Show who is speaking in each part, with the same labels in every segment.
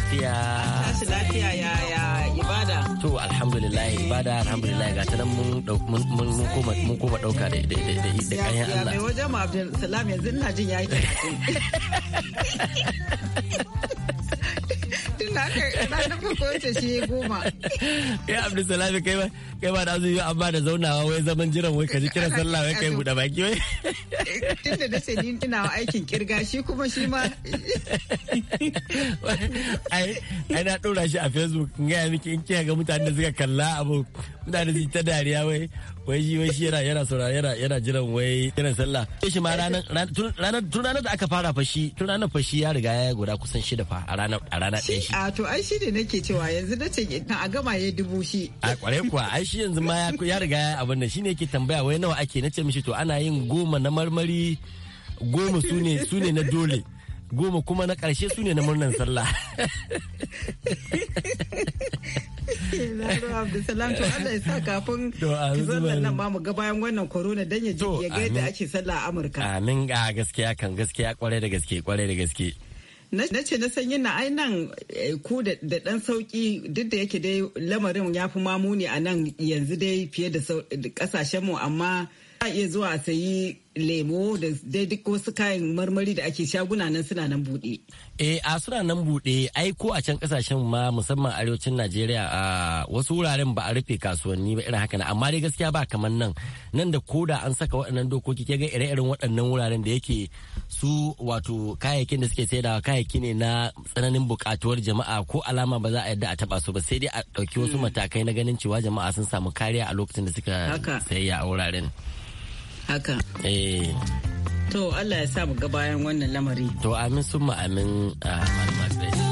Speaker 1: lafiya. Tashi lafiya ya ya ibada. To alhamdulillah ibada alhamdulillah ga tanan mun mun mun koma mun koma dauka da da da da kayan Allah. Ya mai
Speaker 2: wajen Abdul Salam yanzu ina jin yayi.
Speaker 1: Ya Abdul Salami kai ba kai ba da azu yi amma da zaunawa wai zaman jiran wai kira sallah wai kai buɗe baki wai.
Speaker 2: Eh, tunda ce aikin kirga shi
Speaker 1: kuma shi ma. Ai ai na shi a Facebook in gaya miki in kiyaye ga mutane da suka kalla abu mutane su ta dariya wai wai shi wai shi yana yana saurara yana yana jiran wai jiran sallah sai shi ma ranar tun ranar da aka fara fashi tun ranar fashi ya riga ya guda kusan shida fa a ranar a rana ɗaya shi
Speaker 2: a to ai shi ne nake cewa yanzu na ce a gama ya dubu shi
Speaker 1: a kware kuwa ai shi yanzu ma ya riga ya abin nan shine yake tambaya wai nawa ake na ce mishi to ana yin goma na marmari goma su ne na dole goma kuma na ƙarshe su ne na murnan sallah.
Speaker 2: Abdulsalam to Allah ya sa kafin
Speaker 1: zo nan
Speaker 2: ba mu ga bayan wannan corona dan ya ya ga yadda
Speaker 1: ake sallah a Amurka. Amin ga gaskiya kan gaskiya kwarai da gaske kwarai da gaske.
Speaker 2: na ce na san yin na ai nan eh, ku da dan sauki duk da yake dai lamarin ya fi mamuni a nan yanzu dai fiye da kasashen mu amma a iya zuwa a sayi lemo da dai duk wasu kayan marmari da ake
Speaker 1: shaguna nan suna nan buɗe. Eh a suna nan buɗe ai ko a can kasashen ma musamman arewacin Najeriya a wasu wuraren ba a rufe kasuwanni ba irin haka na amma dai gaskiya ba kamar nan nan da koda an saka waɗannan dokoki ke ga ire-iren waɗannan wuraren da yake su wato kayayyakin da suke saidawa kayayyaki ne na tsananin buƙatuwar jama'a ko alama ba za a yadda a taba su ba sai dai a ɗauki wasu hmm. matakai na ganin cewa jama'a sun samu kariya a lokacin da suka sayayya a wuraren. haka eh to Allah ya sa mu ga bayan wannan lamari to amin sun amin a ah,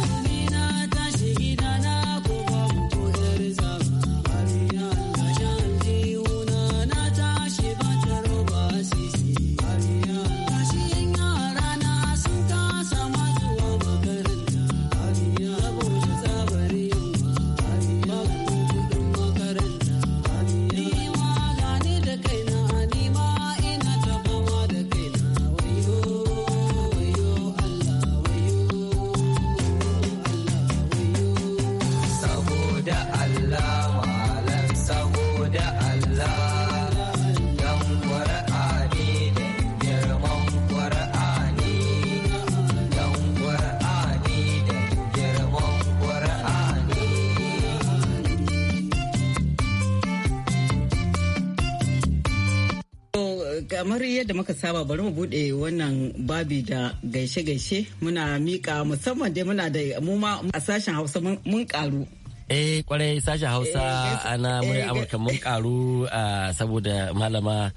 Speaker 2: kamar yadda muka saba bari mu bude wannan babi da gaishe-gaishe muna mika musamman dai muna da mu ma a sashen hausa mun karu
Speaker 1: eh kwarai sashen hausa eh, ana eh, mai amurka mun karu ah, saboda malama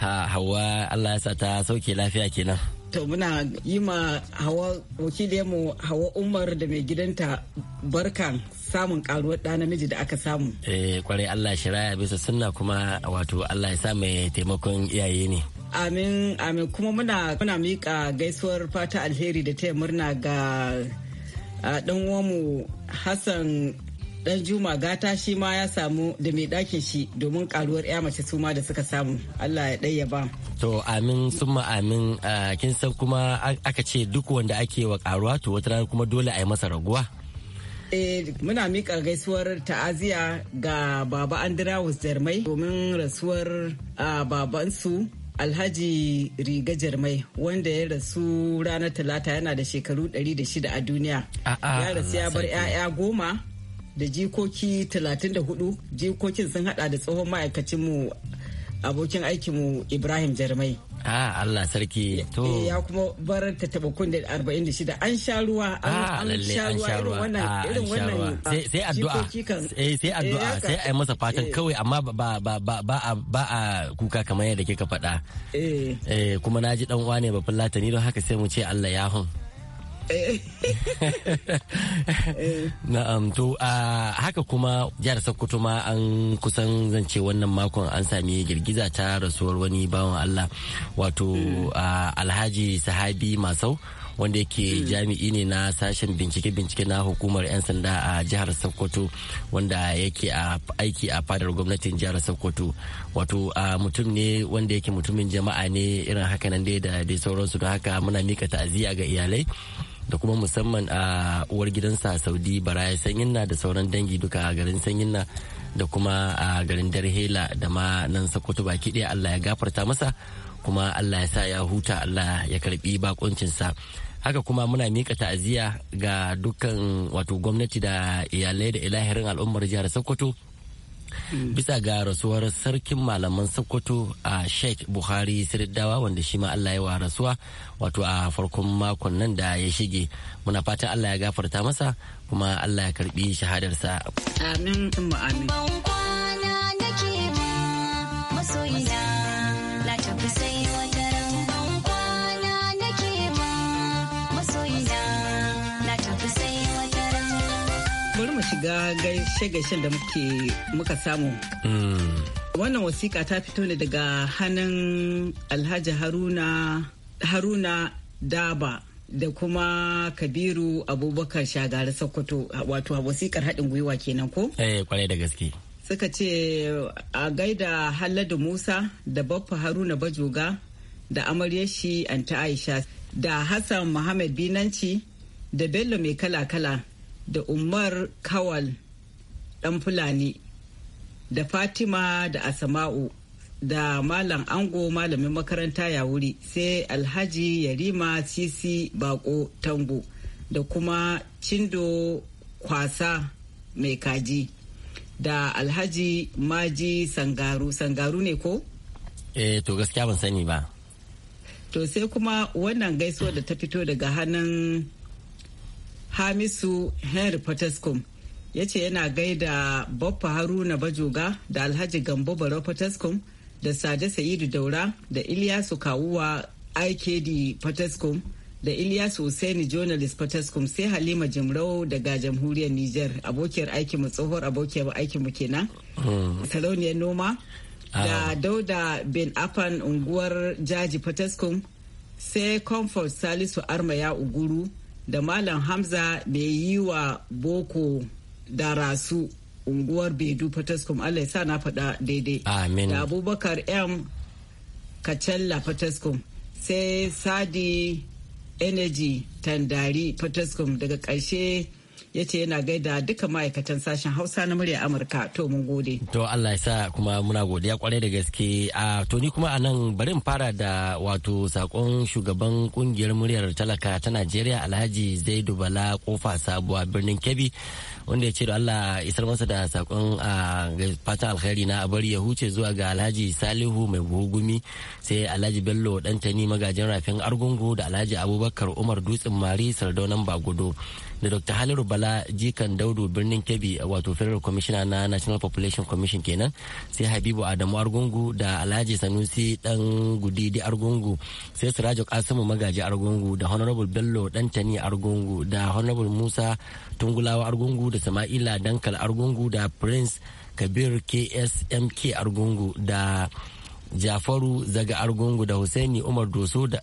Speaker 1: ah, hawa allah ya sa ta sauke lafiya kenan
Speaker 2: To muna yi ma hawa wakilinmu hawa Umar da mai gidanta barkan samun karuwar da namiji da aka samu.
Speaker 1: Eh kwarai Allah shiraya bisa sunna kuma wato Allah ya sa mai taimakon iyaye ne.
Speaker 2: Amin amin kuma muna muna mika gaisuwar fata alheri da taya murna ga dan ah, uwanmu Hassan dan juma gata shi ma ya samu da mai ɗakin shi domin karuwar ya mace suma da suka samu allah ya ɗaya ba
Speaker 1: to amin summa amin kin san kuma aka ce duk wanda ake wa karuwa to wata rana kuma dole a yi masa raguwa
Speaker 2: eh, muna miƙa gaisuwar ta'aziya ga baba andrawus jarmai domin rasuwar babansu alhaji riga jarmai wanda ya rasu ranar talata yana da shekaru 106 a duniya ya rasu ya bar 'ya'ya goma da jikoki 34 jikokin sun hada da tsohon ma'aikacinmu abokin aikinmu ibrahim jarmai
Speaker 1: ah allah sarki to eh, ya
Speaker 2: kuma bar ta taba da 46 an sha ruwa an ah, sha ruwa irin wannan ah,
Speaker 1: wannan sai addu'a eh, sai eh, addu'a sai ai masa fatan kawai amma ba ba ba ba ba a kuka kamar yadda kika faɗa eh kuma naji dan uwa ne ba fullata ni don haka sai mu ce allah ya hun Eh. Eh. Na'am to a haka kuma jihar Sokoto ma an kusan zance wannan makon an sami girgiza ta rasuwar wani bawan Allah wato hmm. Alhaji Sahabi Masau wanda yake hmm. jami'i ne na sashen bincike-bincike na hukumar 'yan sanda a jihar Sokoto wanda yake aiki a fadar gwamnatin jihar Sokoto wato mutum ne wanda yake mutumin jama'a ne irin nan dai da sauransu da haka muna mika ta'aziyya ga iyalai da kuma musamman a uwar gidansa saudi baraya na da sauran dangi duka a garin na da kuma a garin darhela da ma nan sokoto baki ɗaya allah ya gafarta masa kuma allah ya sa ya huta allah ya karbi bakuncinsa haka kuma muna mika ta'aziya ga dukkan wato gwamnati da iyalai da ilahirin al'ummar jihar sokoto bisa ga rasuwar sarkin malaman sokoto a sheikh buhari sirdawa wanda shi ma allah ya wa rasuwa wato a farkon makon nan da ya shige muna fatan allah ya gafarta masa kuma allah ya karbi shahadarsa
Speaker 3: amin amin
Speaker 2: shiga gaishe-gaishen da muke muka samu. Mm. Wannan wasiƙa ta fito ne daga hannun Alhaji Haruna Haruna Daba da kuma Kabiru Abubakar Shagari Sokoto wato wasiƙar haɗin gwiwa kenan ko?
Speaker 1: Eh kwarai da gaske.
Speaker 2: Suka ce a gaida Halladu Musa da Baffa Haruna Bajoga da amaryashi shi Anta Aisha da Hassan Muhammad Binanci da Bello mai kala-kala da umar kawal dan fulani da fatima da asama'u da malam ango malamin makaranta ya wuri sai alhaji yarima sisi bako tango da kuma cindo kwasa mai kaji da alhaji maji sangaru sangaru ne ko?
Speaker 1: eh to gaskiya ban sani ba
Speaker 2: to sai kuma wannan gaisuwa da ta fito daga hannun hamisu henry potescom ya ce yana gaida baffa haruna bajoga da alhaji gambo baro potescom da sade sa'idu daura da Ilyasu kawuwa ikd potescom da Ilyasu Hussaini journalist Potescom sai Halima Jimrau daga jamhuriyar Nijar abokiyar aikin mu tsohuwar abokiyar aikin mu kenan. Hmm. Sarauniyar noma ah. da Dauda bin Afan unguwar Jaji Potescom sai Comfort Salisu Arma ya uguru da malam hamza mai yi wa boko darasu unguwar bedu fataskum allah sa na faɗa daidai amin da abubakar m kacella fataskum sai sadi energy tandari fataskum daga ƙarshe ya ce yana gaida duka ma'aikatan sashen hausa na murya amurka to mun gode
Speaker 1: to allah ya sa kuma muna godiya kwarai da gaske a to ni kuma a nan bari fara da wato sakon shugaban kungiyar muryar talaka ta najeriya alhaji zaidu bala kofa sabuwa birnin kebbi wanda ya ce da allah isar masa da sakon a fatan alkhairi na a bari ya huce zuwa ga alhaji salihu mai gugumi sai alhaji bello dantani magajin rafin argungu da alhaji abubakar umar dutsen mari sardaunan bagudo da dr haliru bala jikan daudu birnin kebbi wato federal commissioner na national population commission kenan sai habibu adamu argungu da alhaji sanusi dan gudidi argungu sai siraju kasimu magaji argungu da honorable bello dantani argungu da honorable musa tungulawa argungu da sama'ila dankal argungu da prince kabir ksmk argungu da jafaru zaga argungu da husaini umar doso da,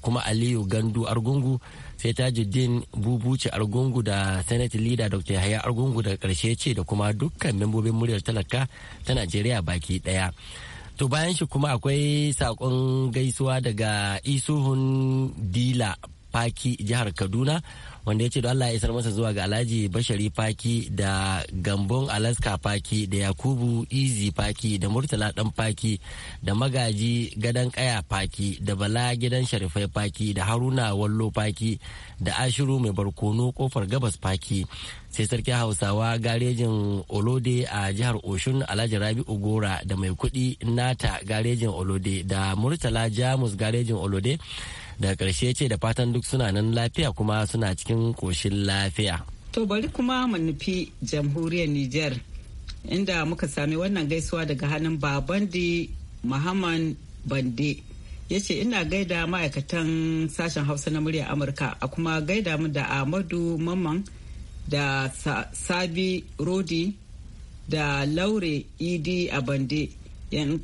Speaker 1: kuma aliyu gandu argungu sai tajuddin bubuci argungu da senate leader dr yahaya argungu daga karshe ce da kuma dukkan membobin muryar talaka ta najeriya baki daya to bayan shi kuma akwai sakon gaisuwa daga isuhun dila faki jihar kaduna wanda ya ce da allah ya isar masa zuwa ga alhaji bashari faki da gambon alaska faki da yakubu izi faki da murtala dan faki da magaji gadan kaya faki da bala gidan sharifai faki da haruna wallo faki da ashiru mai barkono kofar gabas faki sai sarki hausawa garejin olode a jihar oshun alhaji Rabi Ugora da mai kudi nata garejin olode da murtala jamus garejin olode daga ƙarshe ce da fatan duk suna nan lafiya kuma suna cikin ƙoshin lafiya
Speaker 2: to bari kuma mu nufi jamhuriyar nijar inda muka sami wannan gaisuwa daga hannun babandi muhammad bande ya ce ina gaida ma'aikatan sashen hausa na murya amurka a kuma gaida mu da amadu mamman da sabi rodi da laure idi a bande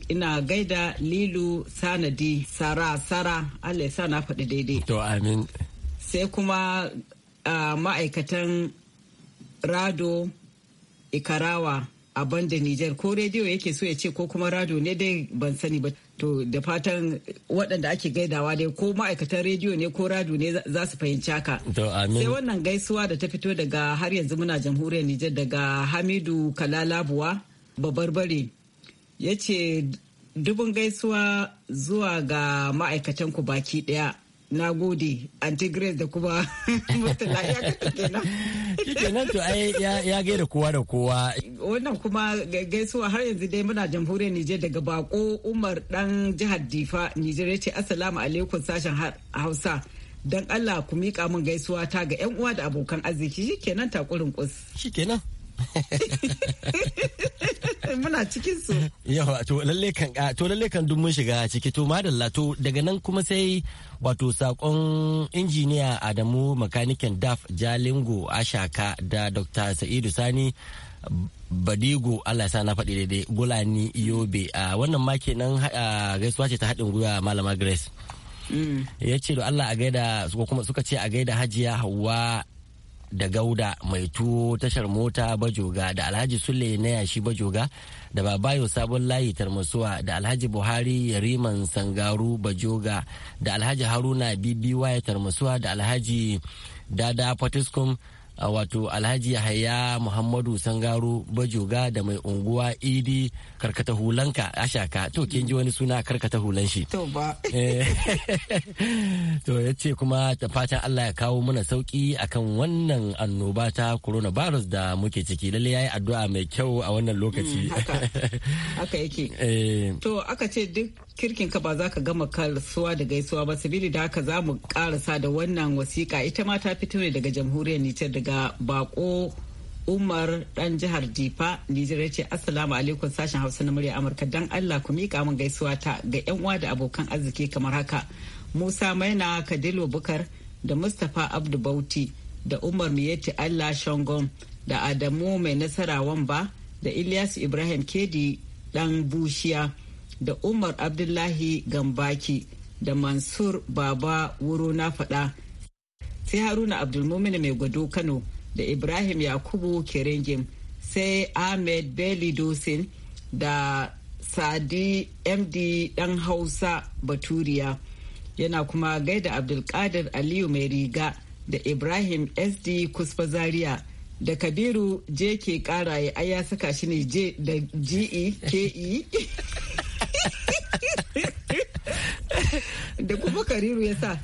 Speaker 2: ina gaida lilu sanadi sara sara allah sa na faɗi daidai to amin sai kuma uh, ma'aikatan rado ikarawa a banda Nijar ko rediyo yake so ya ce ko kuma rado ne dai ban sani ba to da fatan waɗanda ake gaidawa dai ko ma'aikatan rediyo ne ko rado ne za su fahimci haka.
Speaker 1: Sai wannan
Speaker 2: gaisuwa da ta fito daga har yanzu muna jamhuriyar Nijar daga Hamidu Kalalabuwa babarbare ya ce dubin gaisuwa zuwa ga ma'aikatan ku baki daya na gode anti da kuma murtala ya kenan kenan
Speaker 1: kowa da kowa
Speaker 2: wannan kuma gaisuwa har yanzu dai muna jamhuriyar Nijar daga bako Umar dan jihar Difa Nijar ya ce assalamu alaikum sashen Hausa dan Allah ku mika min gaisuwa ta ga yan uwa da abokan arziki shikenan takurin kus shikenan muna cikin su
Speaker 1: yawa to lalle kan to lalle kan duk mun shiga ciki to madalla to daga nan kuma sai wato sakon injiniya Adamu makanikin DAF Jalingo Ashaka da Dr. Sa'idu Sani Badigo Allah sa na faɗi daidai Gulani Yobe a wannan ma kenan gaisuwa ce ta haɗin gwiwa Malama Grace mm. ya ce da Allah a gaida suka ce a gaida Hajiya Hauwa da gauda mai tuwo tashar mota bajoga da alhaji sule na yashi bajoga da babayo sabon layi tarmasuwa da alhaji buhari yariman sangaru bajoga da alhaji haruna bibiwa ya tarmasuwa da alhaji dada potiskum wato alhaji yahaya muhammadu sangaro bajoga da mai unguwa idi karkata hulanka ashaka to kin ji wani suna karkata hulan shi to ba eh. to ya ce kuma ta fatan allah ya kawo mana sauki akan wannan annoba ta coronavirus da muke ciki lalle ya yi addu'a mai kyau a wannan lokaci mm, haka yake eh. to aka ce
Speaker 2: duk kirkin ka ba za ka gama karsuwa da gaisuwa ba sabili da haka za mu karasa da wannan wasiƙa ita ma ta fito ne daga jamhuriyar nijar da daga bako umar dan jihar difa nijar ce assalamu alaikum sashen hausa na murya amurka dan allah ku mika min gaisuwa ta ga yan uwa da abokan arziki kamar haka musa maina kadilo bukar da mustapha abdu bauti da umar miyeti allah shangon da adamu mai nasara wamba da ilyas ibrahim kedi dan bushiya da umar abdullahi gambaki da mansur baba wuro na faɗa sai haruna abdulmumin mai gwado kano da ibrahim yakubu kerengim sai ahmed Belidosin dosin da sadi md dan hausa baturiya yana kuma gaida abdulkadir aliyu mai riga da ibrahim sd kusfa zaria da kabiru je ke karaye ai ya saka shi ne je da ge ke da kuma kariru ya sa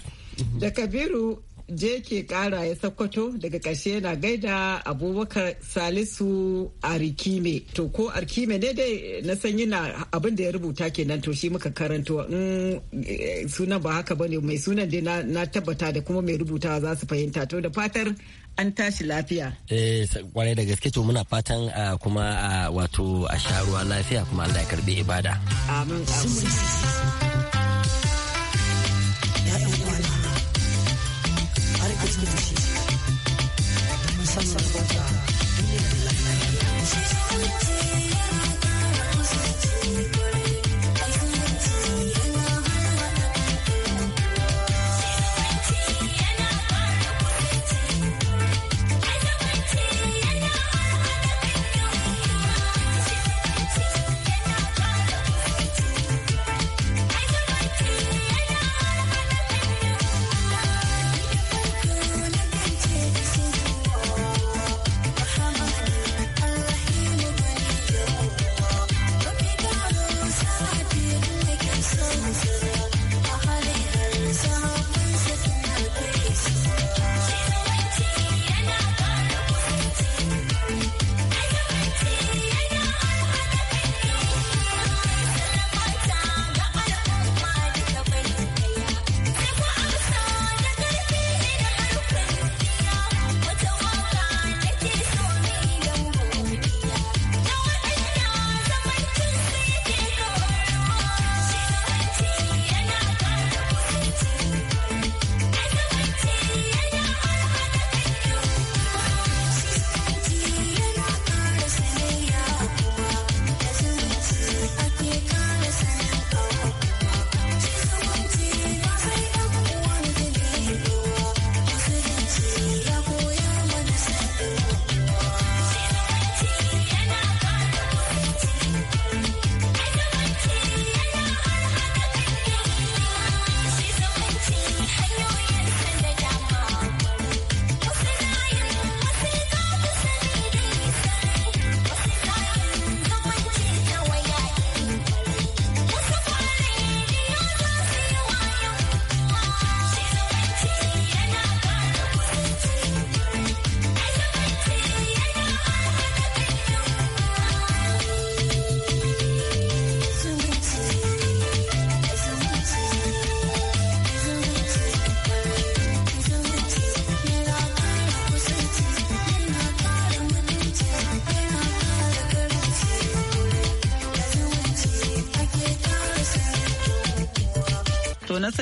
Speaker 2: da kabiru je ke kara ya sakkwato daga ƙarshe na gaida abubakar salisu arkime to ko arkime ne dai na san yana abin da ya rubuta kenan to shi muka karanto in eh, sunan ba haka bane mai sunan dai na tabbata da kuma mai rubuta za su fahimta to da fatar an tashi lafiya.
Speaker 1: Eh kwarai da gaske to muna fatan kuma wato a sha ruwa lafiya kuma Allah ya karbi ibada.
Speaker 2: Amin. You.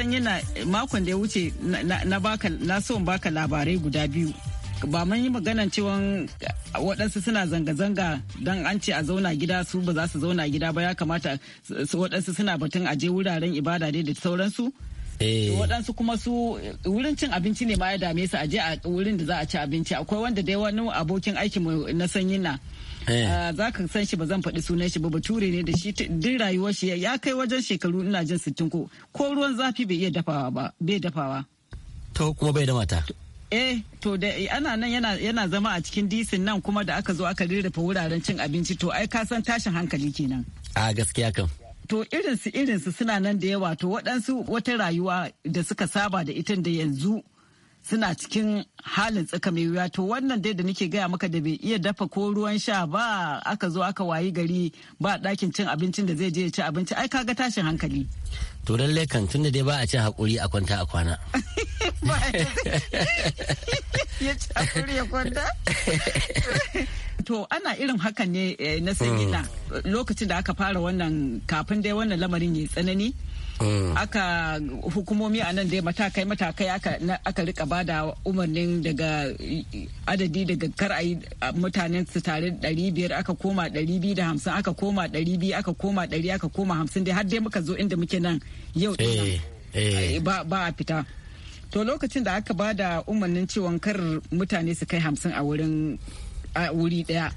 Speaker 2: san yana makon da ya wuce na baka na son baka labarai guda biyu ba mun yi maganan cewa waɗansu suna zanga-zanga don an ce a zauna gida su ba za su zauna gida ba ya kamata waɗansu suna batun aje wuraren ibada dai da sauransu Eh. waɗansu kuma su wurin cin abinci ne ma ya dame su aje a wurin da za a ci abinci akwai wanda dai wani abokin aiki na sanyi na eh. ah, za ka san shi ba zan faɗi sunan shi ba bature ne da shi duk rayuwar shi ya kai wajen shekaru ina jin sittin ko ko ruwan zafi bai iya dafawa ba bai dafawa
Speaker 1: to kuma bai da mata
Speaker 2: eh to da ana nan yana yana zama a cikin disin nan kuma da aka zo aka rarrafa wuraren cin abinci to ai ka san tashin hankali kenan
Speaker 1: a gaskiya kam
Speaker 2: to irinsu irinsu suna nan da yawa to waɗansu wata rayuwa da suka saba da ita da yanzu suna cikin halin tsaka mai wuya to wannan dai da nake gaya maka da bai iya dafa ko ruwan sha ba aka zo aka wayi gari ba dakin cin abincin da zai je ya ci abinci ai kaga tashin
Speaker 1: hankali to lallai kan tunda dai ba a ci hakuri a kwanta a kwana
Speaker 2: ya ci hakuri ya kwanta to ana irin hakan ne eh, na sanyi hmm. na lokacin da aka fara wannan kafin dai wannan lamarin ya tsanani Mm. aka hukumomi a nan dai matakai matakai aka rika ba da umarnin daga adadi daga kar a yi mutanen su tare 500 aka koma 250 aka koma 200 aka koma 100 aka koma 50 dai har dai muka zo inda muke nan yau eh, eh. ba a fita to lokacin da aka ba da umarnin ciwon kar mutane su kai 50 a wurin a wuri daya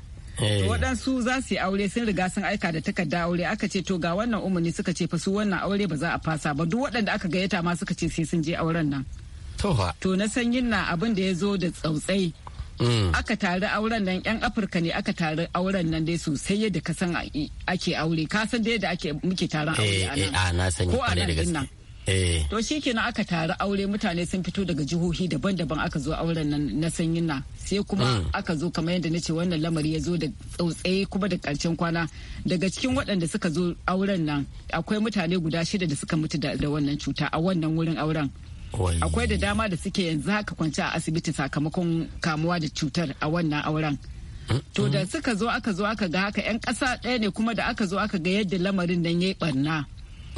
Speaker 2: Eh. waɗansu za su yi aure sun riga sun aika da takarda aure aka ce to ga wannan umarni suka ce wannan aure ba za a fasa ba duk waɗanda aka gayyata ma suka ce sai sun je auren nan to na yin na abin da ya zo da tsautsai mm. aka tari auren nan yan afirka ne aka tari auren nan dai sosai yadda ka san ake aure ka san da yadda muke taron aure a eh, nan eh, ko a nan Eh. to shi kenan aka taru aure mutane sun fito daga jihohi daban-daban aka zo auren nan na sanyin na sai kuma mm. aka zo kamar yadda na ce wannan lamari ya zo da tsautsaye kuma da karshen kwana daga cikin waɗanda suka zo auren nan akwai mutane guda shida da suka mutu da wannan cuta a wannan wurin auren akwai da dama da suke yanzu haka kwanci a asibiti sakamakon kamuwa da cutar a wannan auren to da suka zo aka zo aka ga haka 'yan ƙasa ɗaya ne kuma da aka zo aka ga yadda lamarin nan ya yi ɓarna.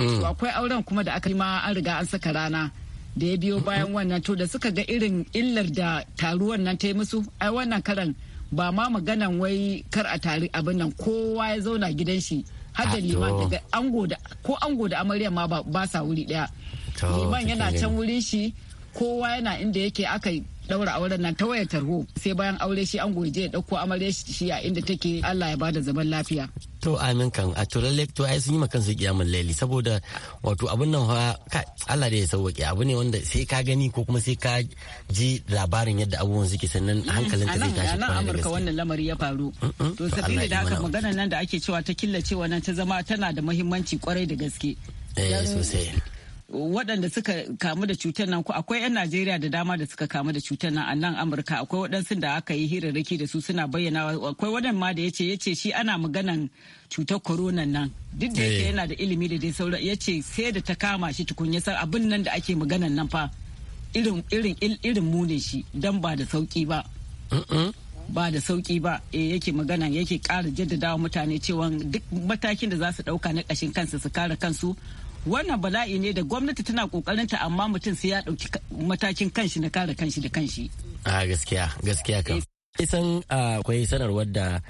Speaker 2: Mm. to akwai auren kuma da aka yi ma an riga an saka rana da ya biyo bayan wannan to da suka ga irin illar da taruwan nan ta yi musu ai wannan karan ba ma maganan wai kar a tari abin nan kowa ya zauna gidan shi har da ah, liman daga ango da ko ango da amarya ma ba sa wuri daya liman yana can wurin shi kowa yana inda yake aka daura auren nan ta waya tarho sai bayan aure shi an goje ya dauko amarya shi a inda take Allah ya bada zaman lafiya
Speaker 1: to amin kan a to lalle to ai sun yi makan su kiyamun laili saboda wato abun nan fa Allah da ya sauke abu ne wanda sai ka gani ko kuma sai ka ji labarin yadda abubuwan suke sannan mm, hankalin ka zai tashi kwarai Amurka wannan
Speaker 2: lamari ya faru mm, mm.
Speaker 1: to sabili da haka magana
Speaker 2: nan da ake cewa ta killacewa nan ta zama tana da muhimmanci kwarai da gaske
Speaker 3: eh sosai
Speaker 2: waɗanda suka kamu da cutar nan ko akwai 'yan Najeriya da dama da suka kamu da cutar nan a nan Amurka akwai waɗansu da aka yi hirarraki da su suna bayyana akwai waɗan ma da yace yace shi ana maganan cutar corona nan duk da yake eh. yana da ilimi da dai sauran yace sai da ta kama shi tukun ya san abin nan da ake maganan nan fa irin irin mu ne shi dan ba da sauki ba ba da sauki ba e yake magana yake ƙara jaddadawa mutane cewa duk matakin da za su ɗauka na ƙashin kansu su kare kansu wannan bala'i ne da gwamnati tana kokarin ta amma mutum sai ya dauki matakin kanshi na kare kanshi da kanshi
Speaker 1: a gaskiya gaskiya kan san akwai sanarwar da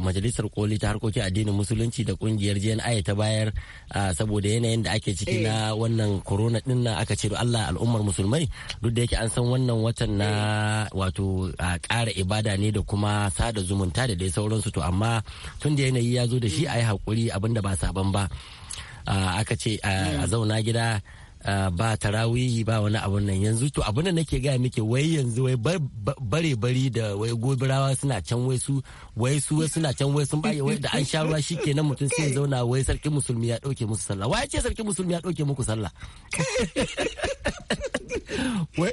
Speaker 1: majalisar koli ta harkokin addinin musulunci da kungiyar jni ta bayar saboda yanayin da ake ciki na eh. wannan corona din na aka ce allah al'ummar musulmai duk da yake an san wannan watan na eh. wato ƙara ibada ne da kuma sada zumunta da dai sauransu to amma tun da yanayi ya zo da shi a yi haƙuri abinda ba saban ba aka ce a zauna gida ba tarawihi ba wani abun nan yanzu to abun da nake gaya muke wai yanzu wai bare bari da wai gobirawa suna can wai su wai su wai suna can wai sun baye wai da an sha ruwa shikenan mutum sai ya zauna wai sarkin musulmi ya dauke musu sallah wai ce sarkin musulmi ya dauke muku sallah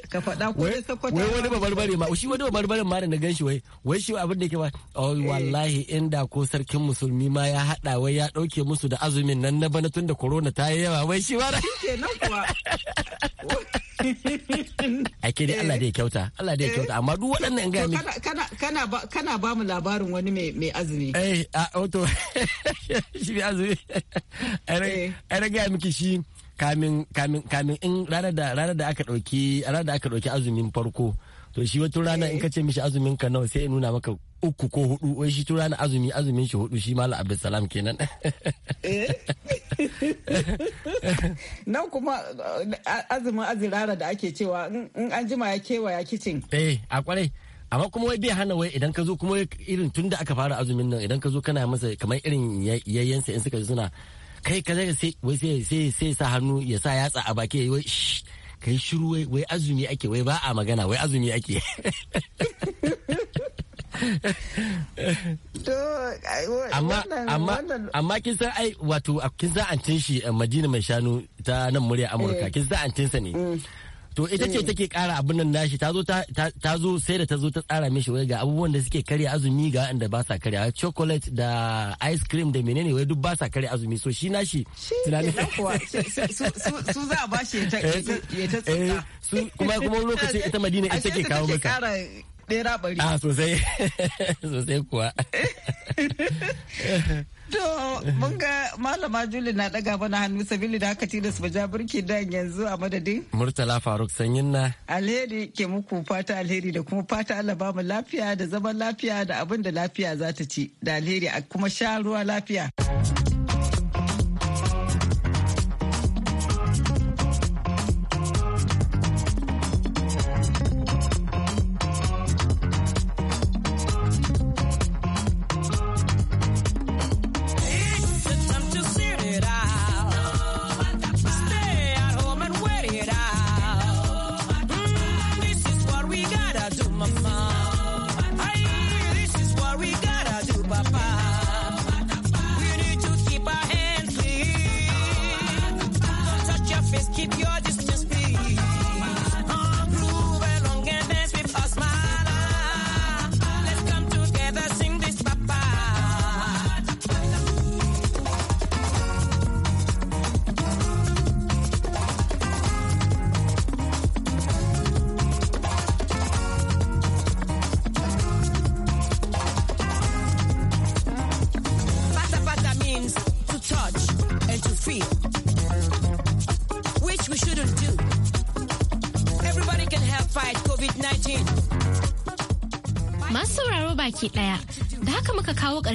Speaker 1: ka faɗa ko da sakwata wai wani babarbare ma shi wani babarbaren ma da na ganshi wai wai shi abin da ke ba oh eh. wallahi inda ko sarkin musulmi ma ya hada wai ya dauke musu da azumin nan na bana tun da corona ta yi yawa wai shi ma da kenan kuwa a dai Allah dai eh. kyauta Allah dai kyauta eh. amma duk waɗannan in gaya miki
Speaker 2: kana kana kana ba mu labarin wani mai mai azumi
Speaker 1: eh a auto oh, shi mai azumi ai ai ga miki shi kamin kamin kamin in ranar da ranar da aka dauki ranar da aka dauki azumin farko to shi wata rana in ka ce mishi azumin ka nawa sai ya nuna maka uku ko hudu wai shi tun rana azumi azumin shi hudu shi malam abdulsalam kenan eh.
Speaker 2: nan kuma eh, azumin azirara da ake cewa in an jima ya kewaya
Speaker 1: kicin eh a kwarai amma kuma wai bai hana wai idan ka zo kuma irin tunda aka fara azumin nan idan ka zo kana masa kamar irin yayyansa in suka suna kai ka zai sai sai sai sa hannu ya sa yatsa a baki wai kai shiru wai wai azumi ake wai ba a magana wai azumi ake
Speaker 2: amma amma
Speaker 1: amma kin san ai wato kin san antin shi eh, Madina mai shanu ta nan murya Amurka eh. kin san antin sa ne mm. to ita ce take kara abin nan nashi ta zo ta zo sai da ta zo ta tsara mishi wai ga abubuwan da suke karya azumi ga wanda ba sa karya chocolate da ice cream da menene wai duk ba sa karya azumi so shi nashi tunanin su za a bashi ya ta eh, eh, tsaka kuma kuma lokacin ita madina ita ke kawo maka ɗera a sosai sosai kuwa
Speaker 2: To mun ga malama Juli na daga mana hannu sabili da haka tilas ba birki da yanzu a madadin.
Speaker 1: Murtala Faruk sanyin na.
Speaker 2: Alheri ke muku fata alheri da kuma fata Allah ba mu lafiya da zaman lafiya da abin da lafiya za ta ci da alheri a kuma sha ruwa lafiya.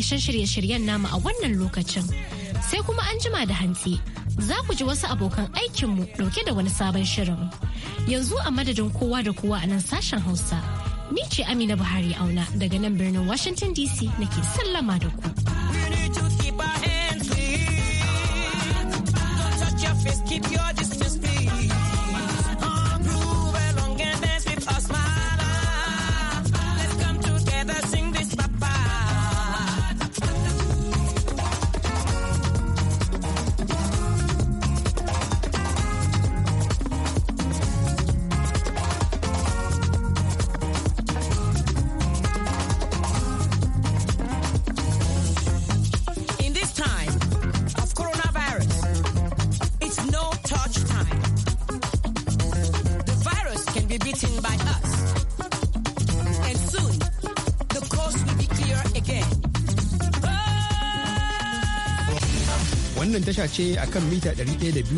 Speaker 2: karshen shirye-shiryen namu a wannan lokacin. Sai kuma an jima da hantsi za ku ji wasu abokan aikinmu dauke da wani sabon shirin. Yanzu a madadin kowa da kowa a nan sashen Hausa. Ni ce Amina Buhari Auna daga nan birnin Washington DC nake sallama da ku.
Speaker 1: tasha ce akan mita biyu.